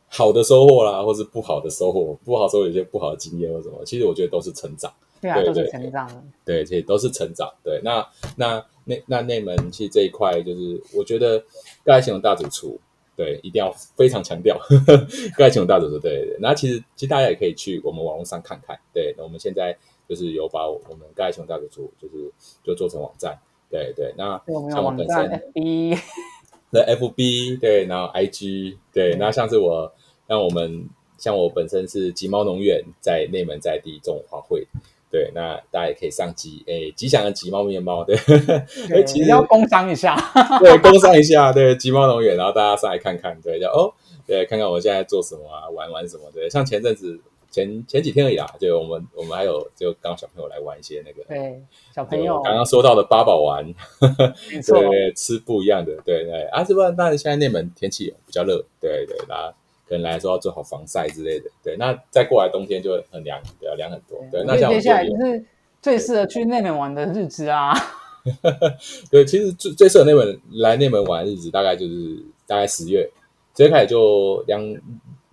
好的收穫啦，或是不好的收穫，不好收穫有些不好的經驗或什麼，其實我覺得都是成長。對啊，對對都是成長。對，這些都是成長。對，那那那內那內門其實這一塊，就是我覺得“尬藝型農大主廚”對，一定要非常強調“尬藝型農大主廚”對。對。那其實其實大家也可以去我們網絡上看看。對，那我們現在。就是有把我們尬藝型農大主廚就是就做成網站，對對，那像我本身，那 FB 對，然後 IG 對，那像是我那我們像我本身是吉貓農園，在內門在地種花卉，對，那大家也可以上吉誒、欸、吉祥的吉貓麵包，對，哎對、欸、其實要工商一下，對工商一下，對吉貓農園然後大家上來看看，對，就哦對，看看我現在，在做什麼啊，玩玩什麼，對，像前陣子。前前幾天而已啦，就我們我們還有就剛小朋友來玩一些那個，對小朋友剛剛、呃、說到的八寶丸。錯 對吃不一樣的對對啊，是不是？那現在內門天氣比較熱，對對，那、啊、可能來說要做好防曬之類的，對。那再過來冬天就會很涼，比較涼很多。對，對對那像接下來也、就是對最適合去內門玩的日子啊。 對，其實最最適合內門來內門玩的日子，大概就是大概十月，十月開始就涼。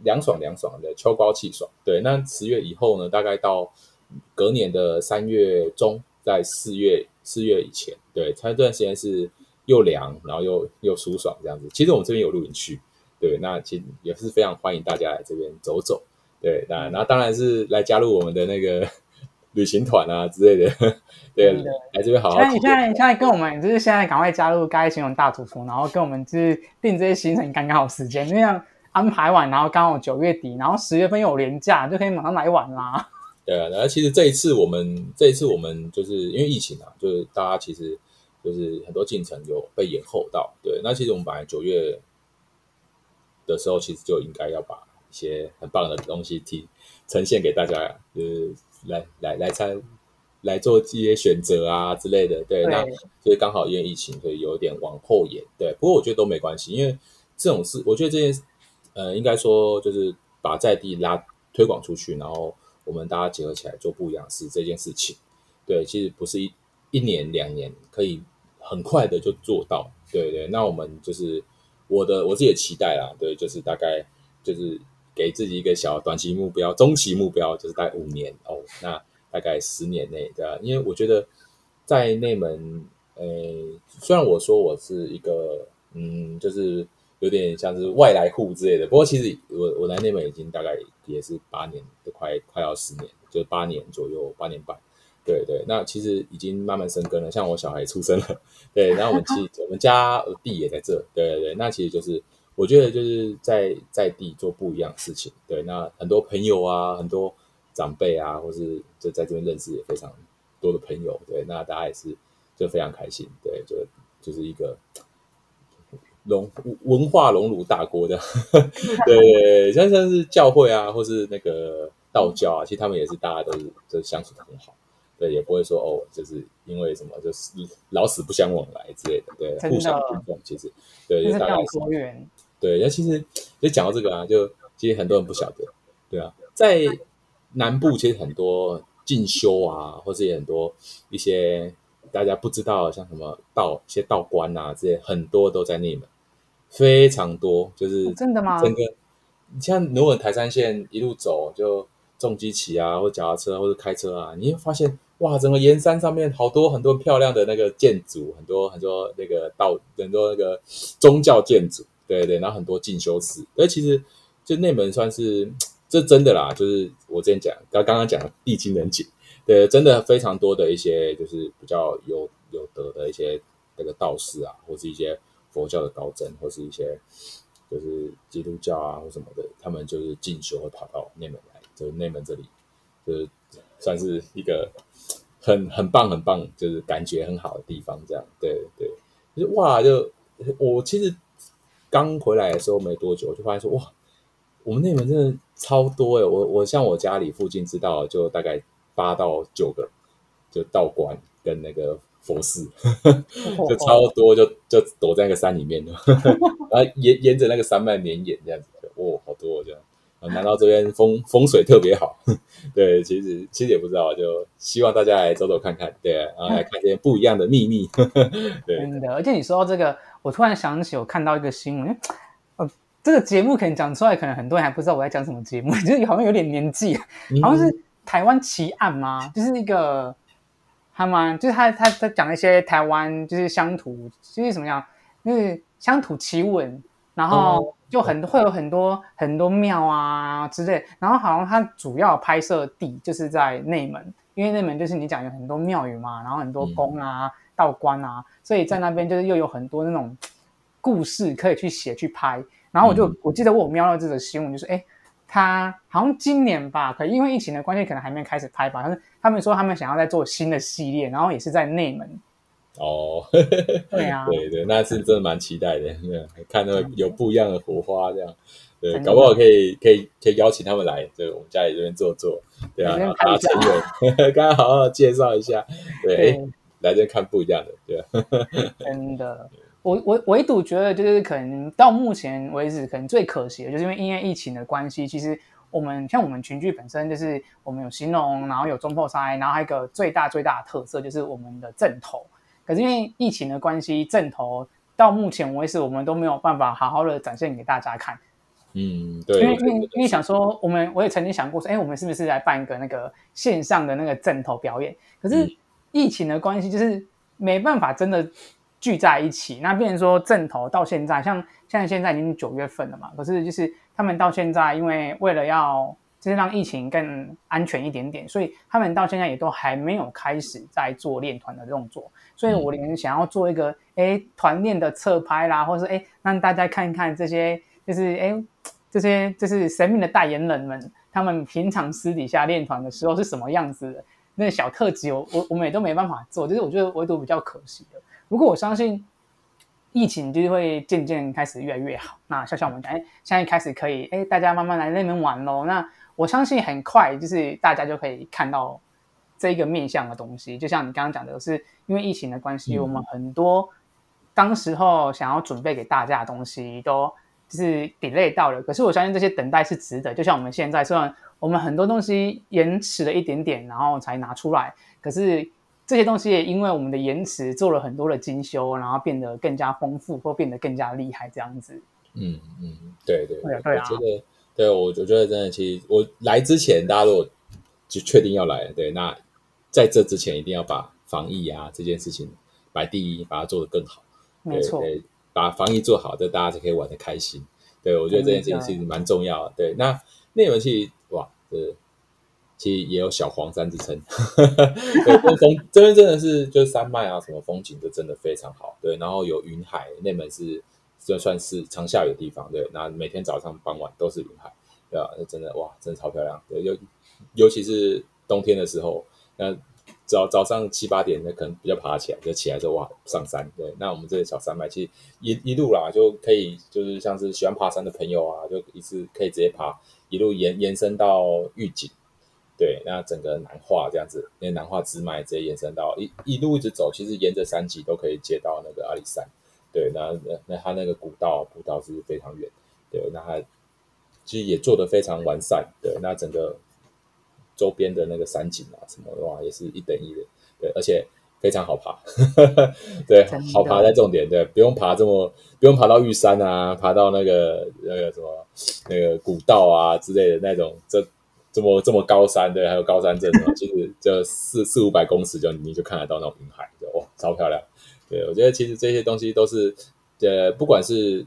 涼爽涼爽的秋高氣爽，對。那十月以後呢？大概到隔年的三月中，在四月四月以前，對，它這段時間是又涼，然後又又舒爽這樣子。其實我們這邊有露營區，對。那其實也是非常歡迎大家來這邊走走，對啊。那然後當然是來加入我們的那個旅行團啊之類的，對，對的來這邊好好。那你現在你現在跟我們就是現在趕快加入尬藝型農大主廚，然後跟我們就是定這些行程，剛剛好時間，因為安排完，然後剛好九月底，然後十月份又有連假，就可以馬上來玩啦。對啊，然後其實這一次我們，這一次我們就是因為疫情啊，就是大家其實就是很多進程有被延後到。對，那其實我們本來九月的時候，其實就應該要把一些很棒的東西提呈現給大家，就是來來來參來做這些選擇啊之類的。對，對，那所以剛好因為疫情，所以有點往後延。對，不過我覺得都沒關係，因為這種事，我覺得這件事。呃，應該說就是把在地拉，推廣出去，然後我們大家結合起來做不一樣事，這件事情，對，其實不是一一年兩年可以很快的就做到，對對。那我們就是我的我自己也期待啦，對，就是大概就是給自己一個小短期目標，中期目標就是大概五年哦，那大概十年內這樣，因為我覺得在內門，呃，雖然我說我是一個，嗯，就是。有點像是外來戶之類的，不過其實我我來內門已經大概也是八年，都快快要十年，就是八年,年左右，八年半。對對，那其實已經慢慢生根了。像我小孩出生了，對，然後我們其實我們家地也在這，對對對。那其實就是我覺得就是在在地做不一樣的事情，對。那很多朋友啊，很多長輩啊，或是就在這邊認識也非常多的朋友，對。那大家也是就非常開心，對，就就是一個。龍，文化熔爐大鍋的，對，像像是教會啊，或是那個道教啊，其實他們也是大家都是、就是、相處的很好，對，也不會說哦，就是因為什麼就是老死不相往來之類的，對，的互相尊重，其實對，就大概是，是大對，那其實就講到這個啊，就其實很多人不曉得，對啊，在南部其實很多進修啊，或是也很多一些大家不知道像什麼道一些道觀啊這些，很多都在內門。非常多，就是、哦、真的嗎？整個你像如果台三線一路走，就重機騎啊，或腳踏車，或者開車啊，你會發現哇，整個鹽山上面好多很多漂亮的那個建築，很多很多那個道，很多那個宗教建築，對對，然後很多進修寺。而其實就內門算是這真的啦，就是我之前講剛剛講的，地精人精，對，真的非常多的一些就是比較有有德的一些那個道士啊，或是一些。佛教的高僧或是一些就是基督教啊或什麼的，他們就是進修會跑到內門來，就是內門這裡就是算是一個很很棒很棒，就是感覺很好的地方。這樣，對對，就哇，就我其實剛回來的時候沒多久，我就發現說哇，我們內門真的超多哎、欸！我我像我家裡附近知道就大概八到九個，就道觀跟那個。佛寺就超多，就就躲在那個山裡面了，然後沿 沿着那個山脈綿延這樣子的，哇，好多！我覺得，難道這邊風風水特別好呵呵？對，其實其實也不知道，就希望大家來走走看看，對、啊，然後來看這些不一樣的秘密。嗯、對，真的，而且你說到這個，我突然想起我看到一個新聞、呃，這個節目可能講出來，可能很多人還不知道我在講什麼節目，就是好像有點年紀，好像是台灣奇案嗎？嗯、就是那個。他們就是他，他他講一些台灣，就是鄉土，就是怎麼樣，就是鄉土奇聞，然後就很多，哦哦、會有很多很多廟啊之類，然後好像他主要拍攝地就是在內門，因為內門就是你講有很多廟宇嘛，然後很多宮啊、嗯、道觀啊，所以在那邊就是又有很多那種故事可以去寫去拍。然後我就、嗯、我記得我有瞄到這個新聞，就是誒、欸、他好像今年吧，可能因為疫情的關係，可能還沒開始拍吧，但是。他們說他們想要再做新的系列，然後也是在內門哦，對啊，對對，那是真的蠻期待的，啊、看到有不一樣的火花這樣，的對，搞不好可以可以可以邀請他們來，對，我們家裡這邊坐坐，對啊，拉朋 好好介紹一下，對，對欸、來這看不一樣的，對啊，真的，我我唯獨覺得就是可能到目前為止，可能最可惜的就是因為因為疫情的關係，其實。我們像我們群聚本身就是我們有型農，然後有中破塞，然後還有一個最大最大的特色就是我們的陣頭。可是因為疫情的關係，陣頭到目前為止我們都沒有辦法好好的展現給大家看。嗯，對。因為因為想說，我們我也曾經想過說，哎，我們是不是來辦一個那個線上的那個陣頭表演？可是疫情的關係，就是沒辦法真的聚在一起。那變成說陣頭到現在像。現在現在已經九月份了嘛，可是就是他們到現在，因為為了要就是讓疫情更安全一點點，所以他們到現在也都還沒有開始在做練團的動作。所以我連想要做一個誒團練的側拍啦，或是誒讓、欸、大家看一看這些，就是誒、欸、這些就是神秘的代言人們，他們平常私底下練團的時候是什麼樣子的那個小特輯，我我我們也都沒辦法做。就是我覺得唯獨比較可惜的，不過我相信。疫情就會漸漸開始越來越好。那像像我們講，現在開始可以、哎，大家慢慢來那邊玩嘍。那我相信很快，就是大家就可以看到這一個面向的東西。就像你剛剛講的，是因為疫情的關係，我們很多當時候想要準備給大家的東西，都就是 delay 到了。可是我相信這些等待是值得。就像我們現在，雖然我們很多東西延遲了一點點，然後才拿出來，可是。這些東西也因為我們的延遲做了很多的精修，然後變得更加豐富或變得更加厲害這樣子。嗯嗯，對對對，對啊，我覺得對得對，我覺得真的，其實我來之前，大家如果就確定要來，對，那在這之前一定要把防疫啊這件事情擺第一，把它做得更好，沒錯，把防疫做好，這大家就可以玩得開心。對，我覺得這件事情、嗯、其實蠻重要的。對，那那內門是哇，對。其實也有小黃山之稱， 對，風這邊真的是就是山脈啊，什麼風景都真的非常好，對。然後有雲海，內門是這算是常下雨的地方，對。那每天早上、傍晚都是雲海，對啊，就真的哇，真的超漂亮。尤尤其是冬天的時候，那早早上七八點，那可能比較爬起來，就起來之後哇，上山，對。那我們這些小山脈，其實一一路啦，就可以就是像是喜歡爬山的朋友啊，就一次可以直接爬一路延延伸到玉井。對，那整個南化這樣子，因為南化支脈直接延伸到一一路一直走，其實沿着山脊都可以接到那個阿里山。對，那那那他那個古道，古道是非常遠。對，那他其實也做得非常完善。對，那整個周邊的那個山景啊什麼的話也是一等一的。對，而且非常好爬。 對，好爬在重點。對，不用爬這麼不用爬到玉山啊，爬到那個那個什麼那個古道啊之類的那種這。這麼這麼高山對，還有高山鎮啊，其實就四四五百公尺就，就你就看得到那種雲海，就哇，超漂亮。對，我覺得其實這些東西都是呃，不管是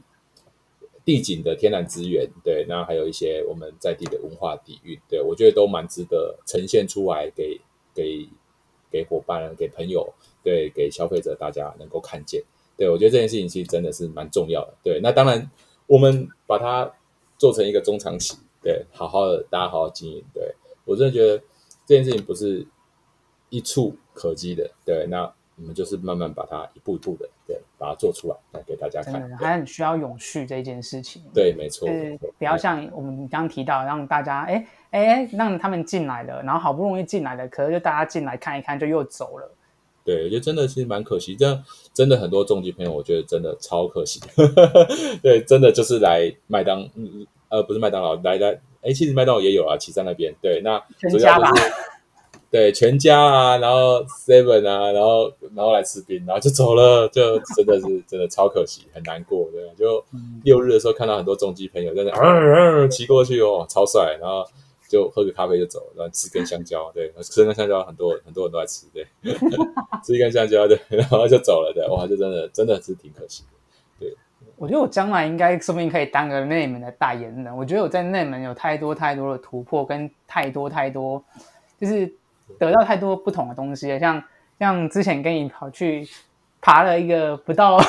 地景的天然資源，對，然後還有一些我們在地的文化底蘊，對，我覺得都蠻值得呈現出來給給給夥伴、給朋友、對，給消費者大家能夠看見。對，我覺得這件事情其實真的是蠻重要的。對，那當然我們把它做成一個中長期。對，好好的，大家好好經營。對我真的覺得這件事情不是一蹴可及的。對，那我們就是慢慢把它一步一步的，對，把它做出來來給大家看。的對還很需要永續這件事情。對，沒錯。就是、對，不要像我們剛剛提到，對讓大家哎哎，讓他們進來了，然後好不容易進來了，可是就大家進來看一看就又走了。對，我覺得真的是蠻可惜。這樣真的很多重機朋友，我覺得真的超可惜。 對，真的就是來麥當。嗯呃，不是麥當勞來來，哎，其實麥當勞也有啊，旗山那邊，對，那主要就是全對全家啊，然後 Seven 啊，然後然後來吃冰，然後就走了，就真的是真的超可惜，很難過，對，就六日的時候看到很多重機朋友在那啊騎過去哦，超帥，然後就喝個咖啡就走，然後吃根香蕉，對，吃根香蕉很，很多很多人都在吃，對， 吃一根香蕉，對，然後就走了，對，哇，就真的真的是挺可惜的。我覺得我將來應該說不定可以當個內門的代言人。我覺得我在內門有太多太多的突破，跟太多太多就是得到太多不同的東西了。像像之前跟你跑去爬了一個不到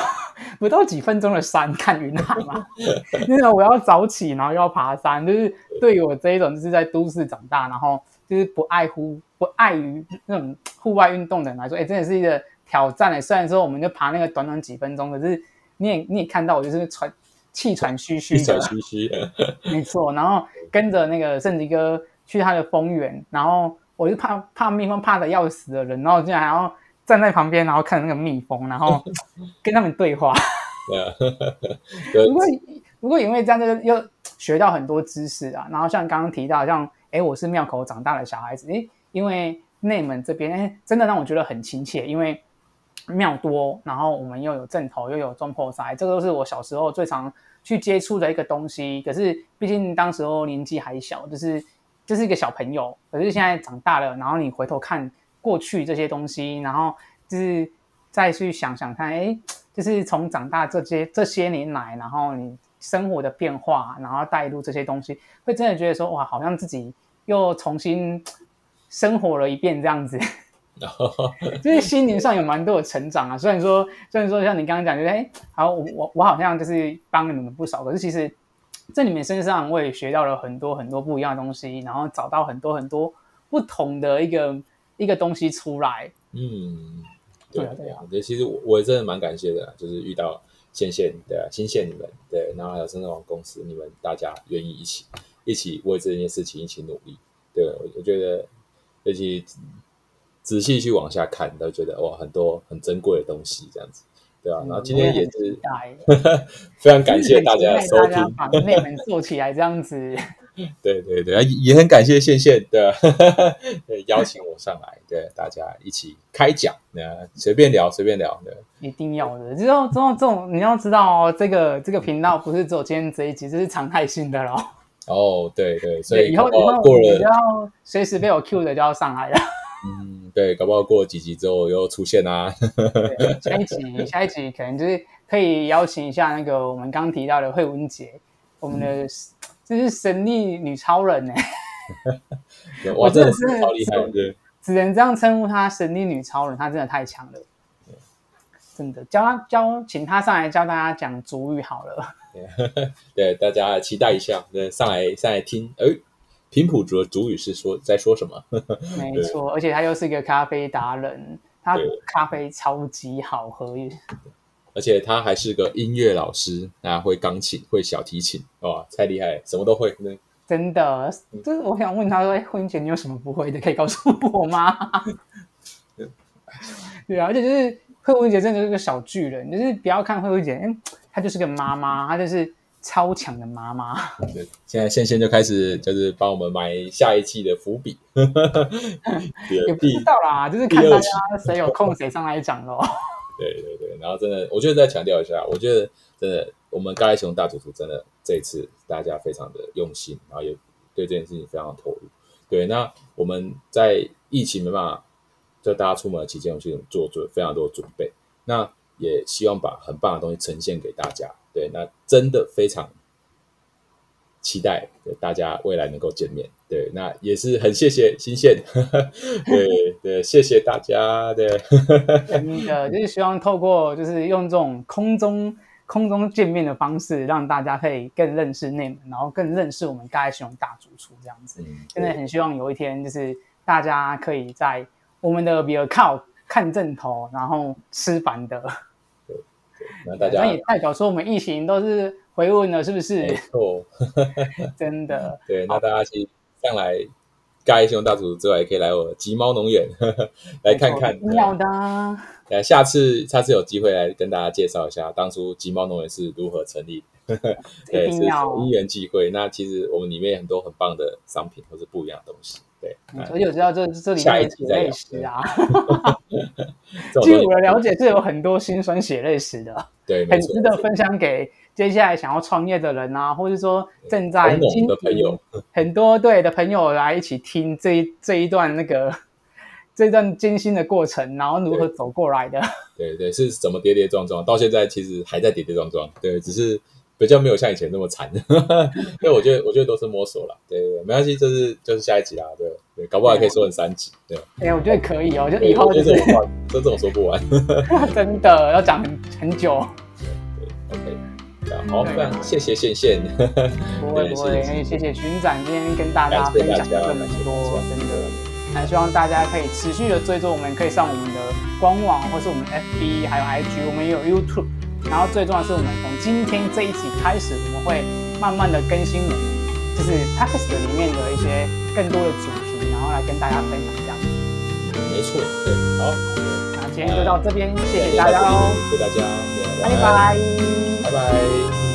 不到幾分鐘的山看雲海嘛，因為 我要早起，然後又要爬山，就是對於我這一種就是在都市長大，然後就是不愛乎不愛於那種戶外運動的人來說，哎、欸，真的是一個挑戰哎、欸。雖然說我們就爬那個短短幾分鐘，可是。你也你也看到我就是喘氣喘吁吁，喘吁吁。呵呵沒錯。然後跟着那個盛吉哥去他的蜂園，然後我就怕怕蜜蜂怕的要死的人，然後竟然還要站在旁邊，然後看那個蜜蜂，然後跟他們對話。 對啊，對不過不過因為這樣就又學到很多知識啊。然後像剛剛提到，像哎、欸，我是廟口長大的小孩子，哎、欸，因為內門這邊哎、欸，真的讓我覺得很親切，因為。廟多，然後我們又有陣頭，又有中破塞，這個、都是我小時候最常去接觸的一個東西。可是畢竟當時候年紀還小，就是就是一個小朋友。可是現在長大了，然後你回頭看過去這些東西，然後就是再去想想看，誒就是從長大這些這些年來，然後你生活的變化，然後帶入這些東西，會真的覺得說，哇，好像自己又重新生活了一遍這樣子。 就是心靈上有蠻多的成長啊！ 雖然說，雖然說，像你剛剛講，就是，哎，好，我我好像就是幫了你們不少，可是其實，在你們身上，我也學到了很多很多不一樣的東西，然後找到很多很多不同的一個一個東西出來。嗯，對啊，對啊，對啊，其實我我也真的蠻感謝的、啊，就是遇到仙仙的，新謝你們，對，然後還有深圳網公司，你們大家願意一起一起為這件事情一起努力，對我、啊、我覺得，尤其。仔細去往下看，都覺得哇，很多很珍貴的東西這樣子，對啊，然後今天也是非常感謝大家收聽把內門做起來這樣子。對對對，也很感謝線線的邀請我上來，對，大家一起開講，對，隨便聊隨便聊的。一定要的，這種這種這種，你要知道哦這個這個頻道不是只有今天這一集，這是常態性的咯。哦，對對，所以以後以後你要隨時被我 Q 的就要上來了。嗯，對，搞不好過幾集之後又出現啦、啊。 下一集，下一集可能就是可以邀請一下那個我們剛提到的惠文姐，我們的就、嗯、是神力女超人呢、欸？ 哇我真的，是哇真的是好厲害，只，是只能這樣稱呼她神力女超人，她真的太強了。對真的，教她教，請她上來教大家講足語好了。對，大家期待一下，對，上來上來聽，哎。平普主的主語是說在說什麼？沒錯， 對而且他又是一個咖啡達人，他咖啡超級好喝。而且他還是個音樂老師，啊，會鋼琴，會小提琴，哇，太厲害，什麼都會。嗯、真的，就是我想問他說，哎，惠文姐你有什麼不會的，可以告訴我嗎？ 對，而且、啊、就是惠文姐真的是個小巨人，就是不要看惠文姐，哎，他就是個媽媽，他就是。超強的媽媽，現在線線就開始就是幫我們埋下一期的伏筆， 也，第也不知道啦，就是看大家誰有空誰上來講咯 對對對，然後真的，我覺得再強調一下，我覺得真的，我們尬藝型農大主廚，真的這一次大家非常的用心，然後也對這件事情非常的投入。對，那我們在疫情沒辦法就大家出門的期間，我們去做做非常多準備。那也希望把很棒的東西呈現給大家。對，那真的非常期待大家未來能夠見面。對，那也是很謝謝新鮮。 對對，謝謝大家，對。真的就是希望透過就是用這種空中 空中見面的方式，讓大家可以更認識內門，然後更認識我們尬藝型農大主廚這樣子。真的、嗯、很希望有一天就是大家可以在我們的比爾靠看陣頭，然後吃飯的。那大家也代表說我們疫情都是回溫了，是不是？沒錯， 真的。對，那大家其實上來尬藝型農大廚之外，也可以來我吉貓農園來看看，有的錯、啊。下次他是有機會來跟大家介紹一下，當初吉貓農園是如何成立的，一是成立的 對，是因緣際會。那其實我們裡面很多很棒的商品，或是不一樣的東西。對，啊、我就知道這這裡面有血淚史啊。據 我的了解，是有很多辛酸血淚史的，對，很值得分享給接下來想要創業的人啊，對或者說正在經歷的朋友，很多對的朋友來一起聽這一這一段那個 這一段艱辛的過程，然後如何走過來的。對對，對，是怎麼跌跌撞撞，到現在其實還在跌跌撞撞。對，只是。比較沒有像以前那麼慘，因為我覺得我覺得都是摸索了，對對沒關係，這是就是下一集啦，對對，搞不好可以說成、哎、呦 三集，對。哎呀，我覺得可以哦，就以後就這麼說說不完，真的要講很久。 對對，OK，啊好，謝謝現現嗯、好，非常謝謝，謝謝，不會不會，謝謝巡展，今天跟大家分享這麼多、哎謝謝謝謝，真的還、啊、希望大家可以持續的追蹤我們，可以上我們的官網或是我們的 FB，還有 IG，我們也有 YouTube。然後最重要的是，我們從今天這一集開始，我們會慢慢的更新我們，就是 t a x 裡面的一些更多的主題，然後來跟大家分享。這樣。沒錯，對，好。那、啊、今天就到這邊，謝謝大家哦，謝謝大家，謝謝大家拜拜！拜拜。拜拜。